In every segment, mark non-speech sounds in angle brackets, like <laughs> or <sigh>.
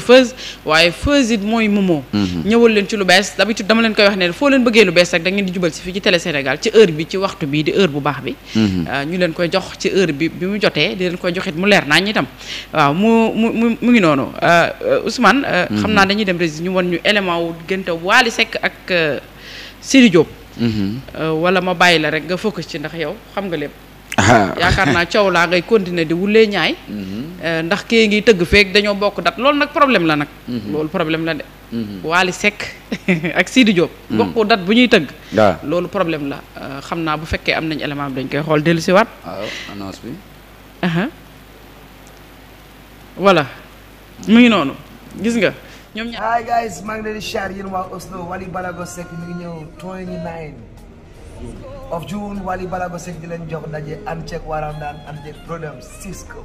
Feuz waaye Feuz it mooy Momo mhm. ñëwal leen ci lu bees d'habitude dama leen koy wax ne foo leen bëggee lu bees rek da ngeen di jubal si fii ci télé ci heure bi ci waxtu bi di heure bu baax bi mhm. euh, ñu leen koy jox ci heure bi bi mu jotee di leen koy joxit mu leer nañ tam waaw mu mu mu ngi noonu euh, euh, usman mhm. xam naa dañuy dem rési ñu won ñu élément wu gënte waali sekk ak Sidi Diop wala ma bàyyi la rek nga focus ci ndax yow xam nga lépp yaakaar naa coow laa ngay continuer di wulee ñaay mm-hmm. eh, ndax kii ngi tëgg feek dañoo bokk dat loolu nag problème la nag mm-hmm. loolu problème la de mm-hmm. Waly Seck <laughs> ak Sidi Diop bokku dat bu ñuy tëgg loolu problème la eh, xam naa bu fekkee am nañ élément dañ koy xool dellu si waat annonce bi voilà mu ngi noonu gis nga ñoom ñaar of June Wally Ballago Seck di leen jox daje ànd ceeg Warandaan ànd ceeg problème Cisco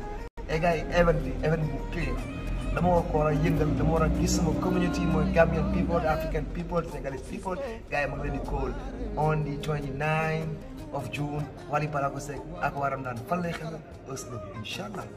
et gars yi event bi event bu clear war a yëngal dama war a gis sama community mooy Gambian people African people Senegalese people gars yi ma ngi leen di call on the 29 of June Wally Ballago Seck ak Warandaan fan lay xew Oslo incha allah.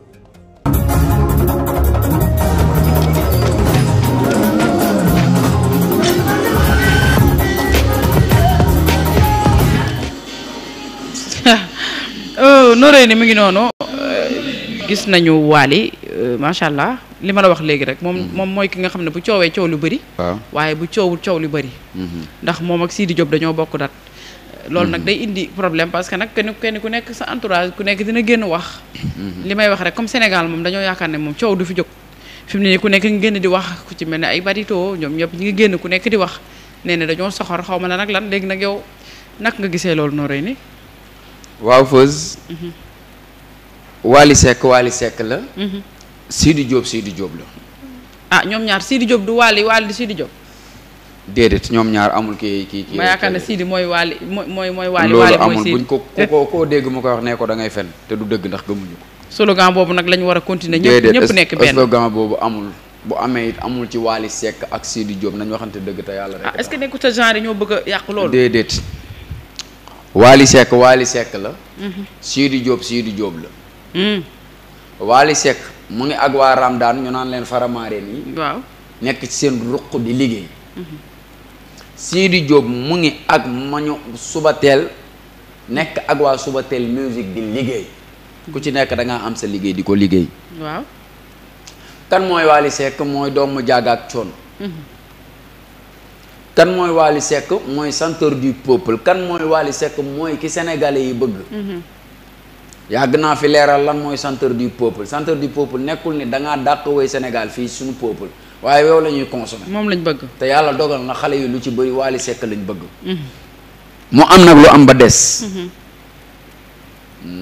Euh, noré ni mu ngi noonu euh, gis nañu Wally euh, macha allah li ma la wax léegi rek mhm. moom mooy ki nga xam ne bu coowee coow lu bëri waaye bu coowul coow lu bëri mhm. ndax moom ak Sidi Diop dañoo bokk dat loolu nag mhm. day indi problème parce que nag kenn kenn ku nekk sa entourage ku nekk dina génn wax li may wax rek comme Sénégal moom dañoo yaakaar ne moom coow du fi jóg fi mu ne ku nekk génn di wax ku ci mel ne ay barito ñoom ñëpp ñi ngi génn ku nekk di wax nee na dañoo soxor xaw ma la nag lan léegi nag yow nak nga gisee loolu noo rëy ni waaw Feuz. Mhm. Wally Seck Wally sekk la. Mhm. Sidi Diop di Diop la. ah ñoom ñaar Sidi Diop du Wally Wally du Sidi Diop. déedéet ñoom ñaar amul kii kii kii. ma mooy Wally mooy mooy. Wally loolu amul ko ku ko koo dégg mu koy wax nee ko da ngay fen te du dëgg ndax gëmuñu ko. slogan boobu nag lañu ñu war a continuer. ñëpp ñëpp nekk benn slogan boobu amul. bu amee it amul ci Wally Seck ak Sidi Diop nañ waxante dëgg te yàlla rek. ah est-ce que nekkul sa genre ñoo bëgg a loolu. Waly Seck Waly Seck la. Mhm. Sidi Diop Sidi jóob la. Mm. Waly Seck mu ngi ak waa Ramadaan ñu naan leen faramaare nii. nekk ci seen ruq di liggéey. Mhm. Sidi Diop mu ngi ak mañu Subatel nekk ak waa Subatel musique di liggéey. ku ci nekk da am sa liggéey di ko liggéey. kan mooy Waly Seck mooy doomu jàgg ak coon. kan mooy Wally Seck mooy chanteur du peuple kan mooy Wally Seck mooy ki sénégalais yi bëgg. Mhm. yàgg naa fi leeral lan mooy chanteur du peuple chanteur du peuple nekkul ni da ngaa dàq woy Sénégal fii suñu peuple waaye yow la ñuy consommer. moom lañ bëgg. te yàlla dogal na xale yi lu ci bëri Wally Seck lañ bëgg. Mhm. mu am nag lu am ba des. Mhm.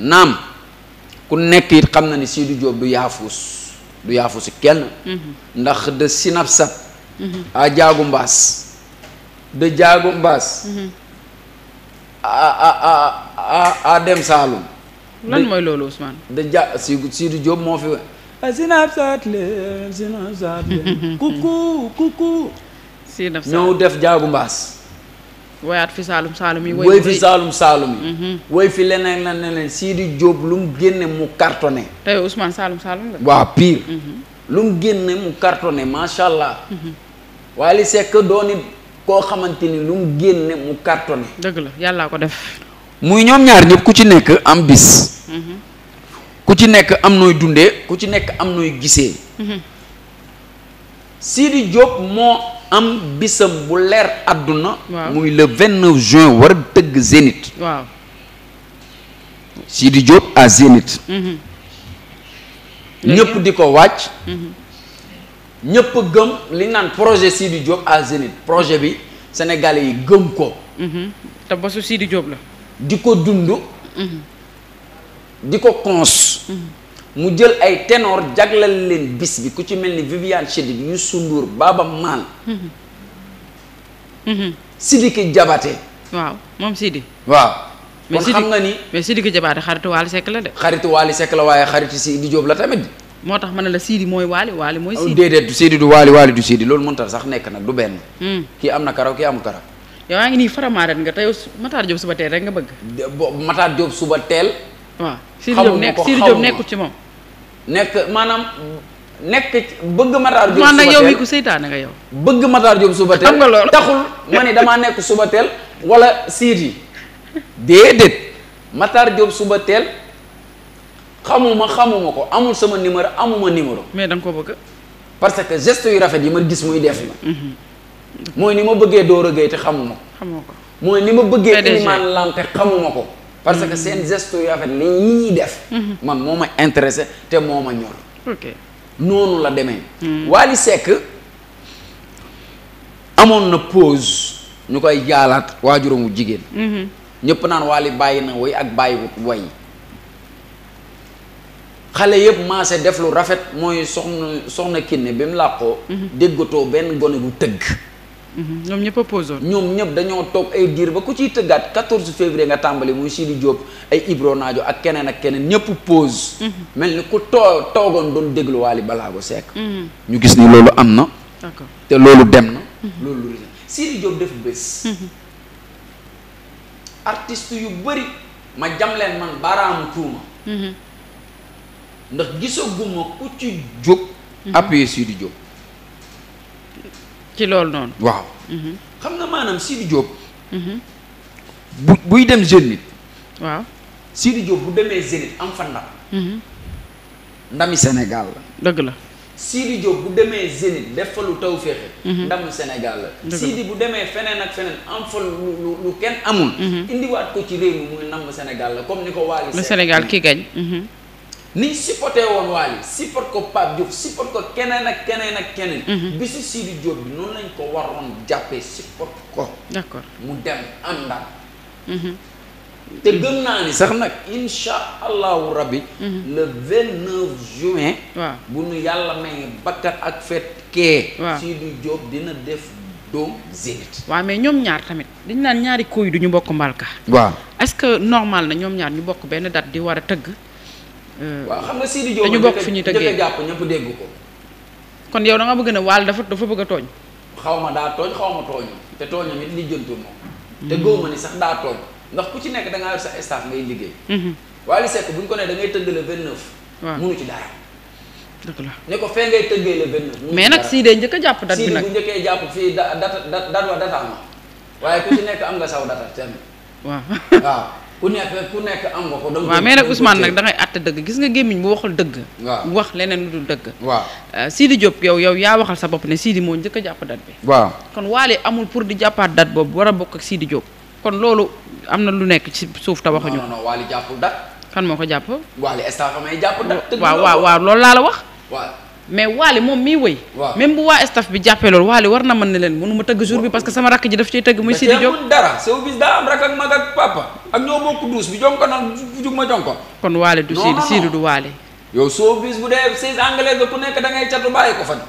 naam ku nekk it xam na ni Sidy Diop du yaafuus du yaafuusi kenn. ndax de Sinapsat. à jaagu mbaas. de Diago Mbaas mhm. a a a dem Saalum lan mooy loolu Ousmane de Dia si Sidy Diop moo fi a ah, <laughs> kuku kuku ñëw def Diago Mbaas woyaat fi Saalum Saalum yi woy fi Saalum Saalum yi mhm. woy fi leneen la ne leen Sidy Diop lu mu génne mu cartonné tey Ousmane Saalum Saalum la waaw pire mhm. lu mu génne mu cartonné macha allah. waaye li sekk doon koo xamante ni lu mu génne mu cartonné. dëgg la yàllaa ko def. muy ñoom ñaar ñëpp ku ci nekk am bis. Mhm. ku ci nekk am nooy dundee ku ci nekk am nooy gisee. Mhm. Sidi Diop moo am bisam bu leer àdduna. muy le vingt neuf juin war tëgg Zénith. waaw Sidi Diop à Zénith. Mhm. ñëpp di ko wàcc. ñëpp gëm li naan projet Sidi Diop à Zénith projet bi sénégalais yi gëm ko. Mhm. te bosu Sidi job la. di ko dund. Mhm. di ko cons. Mhm. mu jël ay ténor jaglal leen bis bi ku ci mel ni Viviane Chidid Youssou Ndour Baba Maal. Sidiki Diabaté. waaw moom Sidi. waaw. kon xam nga ni mais Sidiki Diabaté xaritu Wally Seck la de. xaritu Wally la waaye xaritu Sidi Diop la tamit. moo tax ma ne la Sidi mooy waali waali mooy. Sidi déedéet Sidi du waali waali du Sidi loolu mënta sax nekk nag du benn. Hmm. kii am na karaw kii amul karaw. yow yaa ngi nii faramaren nga te yow Matar Diop suba teel rek nga bëgg. bo Matar suba teel. waaw Sidi Diop nekk Sidi Diop nekkul ci moom. nekk maanaam nekk bëgg Matar Diop. suba teel maanaam yow bëgg Matar Diop suba teel xam nga loolu taxul ma ne damaa nekk suba teel wala Sidi <laughs> déedéet Matar Diop suba teel. xamuma xamuma ko amul sama numéro amuma numéro. mais da nga ko bëgg. parce que geste yu rafet yi ma gis muy def mhm. mooy ni ma bëggee Doro Gueye te xamuma ko. ko mooy ni ma bëggee. Elimane Lam te xamuma ko. parce que mhm. seen geste yu rafet li ñuy def. Mhm. man moo ma intéressé te moo ma ñor. ok noonu la demee. Wally sekk amoon na pause ñu koy jaalaat waajuramu jigéen. ñëpp naan Wally bàyyi na woy ak bàyyiwut woy xale yëpp maase def lu rafet mooy soxna soxna kinne bi mu làqoo mhm. déggatoo benn gone gu tëgg mhm. ñoom ñëpp a posoon ñoom ñëpp dañoo toog ay diir ba ku ciy tëggaat 14 février nga tàmbali muy Sidi Diop ay Ibro Naajo ak keneen ak keneen ñëpp pose mhm. mel ni ku too toogoon doon déglu Waly Balago Seck ñu gis ni loolu am na te loolu dem na loolu lu Sidi Diop def bés artiste yu bëri ma jam leen man baaraamu tuuma ndax gisaguma ku ci jóg mhm. appuyé Sidi Diop ci loolu noonu waaw mhm. xam nga maanaam Sidi Diop mhm. bu buy dem Zénith waaw Sidi Diop bu demee Zénith am fa ndam ndami dëgg la Sidi Diop bu demee Zénith def fa lu taw féexe senegal Sénégal la Sidi bu demee feneen ak feneen am fa lu lu kenn amul indiwaat ko ci réew mi muy ndam Sénégal la comme ni ko waali lu Sénégal ki gañ niñ supporté woon Wally support ko Pape Diouf support ko keneen ak keneen ak keneen mhm. bisu Sidi Diop bi noonu lañ ko waroon jàppee support ko d'accord mu dem àndal mhm. te gëm naa ni sax nag insha allahu rabbi mhm. le vingt neuf juin waaw bu nu yàlla may bakkat ak fet kee Sidi Diop dina def doom zénith waaw mais ñoom ñaar tamit dañ naan ñaari kóoy du ñu bokk mbalka waaw est-ce que normal na ñoom ñaar ñu bokk benn date di war a tëgg Hmm. waaw xam nga Sidi Diop dañu bokk fu ñuy tëggee jàpp ñëpp dégg ko. kon yow da nga bëgg ne waal dafa dafa bëgg a tooñ. xaw ma daa tooñ xaw ma tooñu te tooñam it lijjantu moom. te hmm. góoma ni sax daa tooñ ndax ku ci nekk da sa staff hmm. ko nee da ngay tëgg le 29. waaw munu ci dara. dëgg la ne ko fee ngay tëggee le 29. mais nag Sidi njëkk a jàpp date bi nag Sidi bu njëkkee jàpp fii da date date wa dataama waaye ku ci nekk am nga saw data tamit. waaw. <laughs> ku nekk ku nekk am nga ko. da waaw mais nag Ousmane nag da ngay àtte dëgg gis nga gémmiñ bu waxul dëgg. waaw wax leneen lu euh, yow yow yaa waxal sa bopp ne Sidi moo njëkk jàpp date bi. waaw kon Waly amul pour di jàppaat date boobu war a bokk ak Sidi Diop. kon loolu am na lu nekk ci suuf te waxuñu. non non Waly jàppul date. kan moo ko jàpp. Waly staff may jàpp date. tëdd waaw waaw loolu laa la wax. waaw mais Waly moom miy wëy. waaw même bu waa staff bi jàppee loolu Waly war na mën na leen mënu ma tëgg jour bi parce que sama rakk ji daf ciy tëgg muy Sidi Diop dara sëw bi daa am rakk ak mag ak papa ak ñoo bokk duus bi jonko na jug ma jonko kon waale du siidu siidu du waale yow soo bis bu dee say anglais ga ku nekk da ngay catu bàyyi ko fan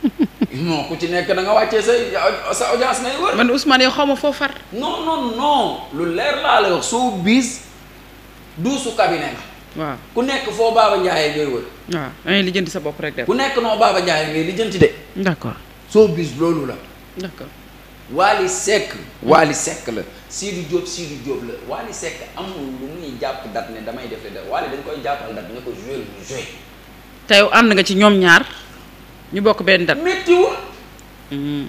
<laughs> non ku ci nekk da nga wàccee say sa audience ngay wër man Ousmane yow xaw ma foo far non non lu leer laa la wax soo bis duusu cabinet la waaw ku nekk foo Baba Ndiaye ngay wër. waaw da lijjanti sa bopp rek de. ku nekk noo Baba Ndiaye ngay lijjanti de. d'accord soo bis loolu la. d'accord. Waly Seck hmm. Waly Seck la Sidi Diop Sidi Diop la Waly Seck amul lu muy jàpp dat ne damay def da Waly dañ koy jàppal dat nga ko joué lu joué tey ànd nga ci ñoom ñaar ñu bokk benn dat méttiwul hmm.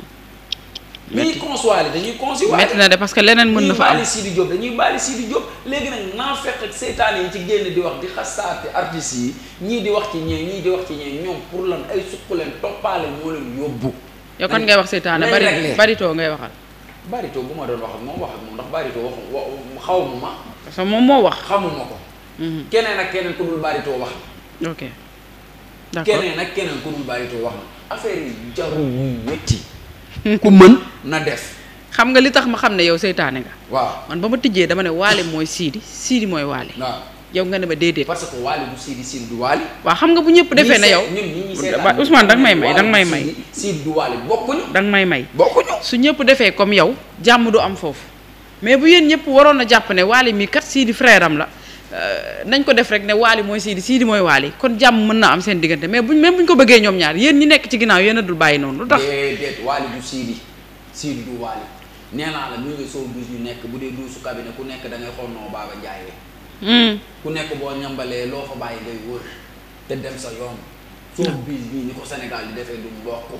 ñuy consoilé dañuy consoilé métti na de parce que leneen mën na fa am baali Sidi Diop dañuy baali Sidi léegi nag naa fekk ak seytaan yi ci génn di wax di xasaate artistes yi ñii di wax ci ñee ñii di wax ci ñee ñoom pour lan ay suqu leen toppaale moo leen yóbbu yow ngay wax seytaane bari baritoo ngay waxal baritoo bu ma doon wax ak moom wax ndax baritoo wax xawma ma parce que moom moo wax xamuma ko mhm. keneen ak keneen ku wax na ok d'accord keneen ak keneen ku na affaire def xam nga li tax ma xam ne yow seytaane nga waaw man ba ma tijjee dama ne waale mooy siidi siidi mooy waale yow nga ne ma déedéet. parce que Wally du Sidi Sidi du Wally. waaw xam nga bu ñëpp defee na yow. ñun Ousmane danga may may danga may may. Sidi du Wally bokkuñu. may may bokkuñu. su ñëpp defee comme yow jàmm du am foofu mais bu yéen ñëpp waroon a jàpp ne Wally mii kat Sidi frère am la euh, nañ ko def rek ne Wally mooy Sidi Sidi mooy Wally kon jàmm mën na am seen diggante mais buñ même buñ ko bëggee ñoom ñaar yéen ñi nekk ci ginnaaw yéen a dul bàyyi noonu. lu tax déedéet Wally du Sidi Sidi du Wally nee naa la ñu ngi soo dus nekk bu dee duusu cabinet nekk da ngay xool noo Baaba Hmm. ku nekk boo ñambalee loo fa bàyyi ngay wër te dem sa yoon. soo bis bii ni ko Sénégal yi defee du mbokk.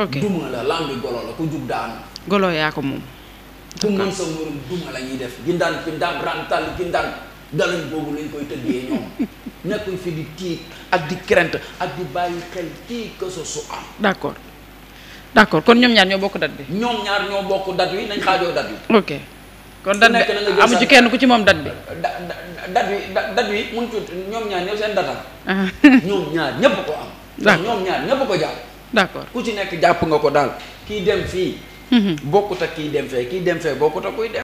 ok duma la lambi golo la ku jug daanu. golo yaa ko moom. ku mën sa morom duma la ñuy def gindaan gindaan rantal gindaan galañ boobu lañ koy tëddee ñoom <laughs> nekkul fi di tiit ak di crainte ak di bàyyi xel kii que ce soit am. d'accord d'accord kon ñoom ñaar ñoo bokk dat bi. ñoom ñaar ñoo bokk dat wi nañ xaajoo dat wi. kon dat bi amu ci kenn ku ci moom dat bi. da dat bi dat bi mënut ñoom ñaar ñëpp seen data. Ah. <laughs> ñoom ñaar ñëpp ko am. d'accord ñoom ñaar ñëpp ko jàpp. d'accord ku ci nekk jàpp nga ko daal. kii dem fii. Mhm. bokkut ak kii dem fee kii dem fee bokkut ak kuy dem.